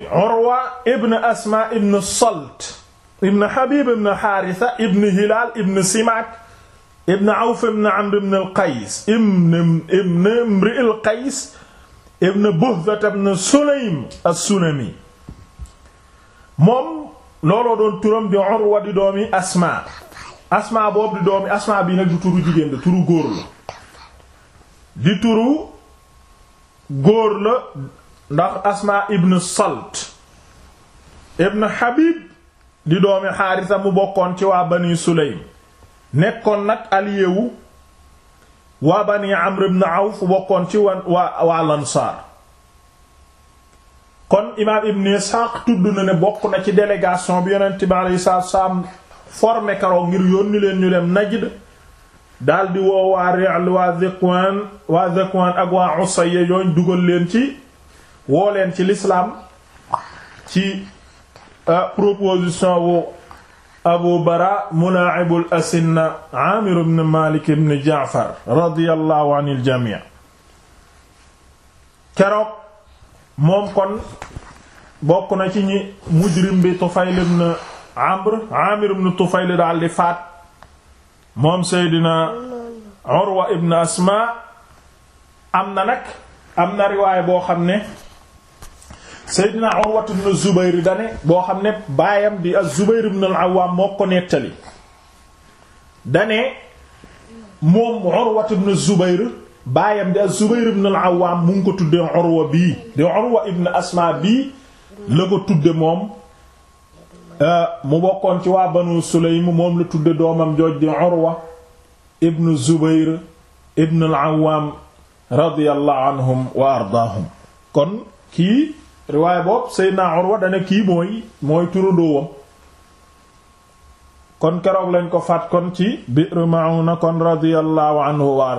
Urwa ibn Asma ibn Salt ibn Habib ibn Haritha ibn Hilal ibn Simak ibn Awf ibn Amr ibn al ibn ibn ibn Buhdha ibn Sulaym moom looloo doon turam di Urwa di doomi Asma Asma boobu turu jigéen di turu góor ndax asma ibn salt ibn habib di doomi xaarisa mu bokkoon ci waa bani suleym nekkoon nag aliyewu waa bani amr ibn awf bokkoon ci wan waa waa lansaar kon imaam ibn isxaaq tudd na ne bokk na ci délégation bi yonent bi alayhi salaatu wasalaam ngir yónni leen ñu dem najd daldi woo waa Ri'l waa Zakwan waa Zakwan ak waa Usayya yooñ dugal leen ci woo leen ci lislaam ci euh, proposition wu abu bara munaacibul asinna aamir ibn malik ibn jaafar radiyallahu anil jamii keroog moom kon bokk na ci ñi mujrim bi tufayl ibn amr aamir ibn tufayl daal di faat moom seydina urwa ibn asmaa am na nag am na riwaay boo xam ne Seydina Urwatu ibn Zubayr dane boo xam ne baayam di az-Zubayr ibn al-Awwam moo ko nettali dane moom Urwatu ibn Zubayr baayam di az-Zubayr ibn al-Awwam mu ngi ko tudde Urwa bii di Urwa ibn Asma bii la ko tudde moom euh, mu bokkoon ci waa Banu Sulaym moom la tudde doomam jooj di Urwa ibn Zubayr ibn al-Awwam radiyallahu anhum wa ardaahum kon kii riwaay boobu Seydina Urwa dana kii mooy mooy turandoowam kon keroog lañ ko faat kon ci Bi'r Ma'una kon radiyallahu anhu wa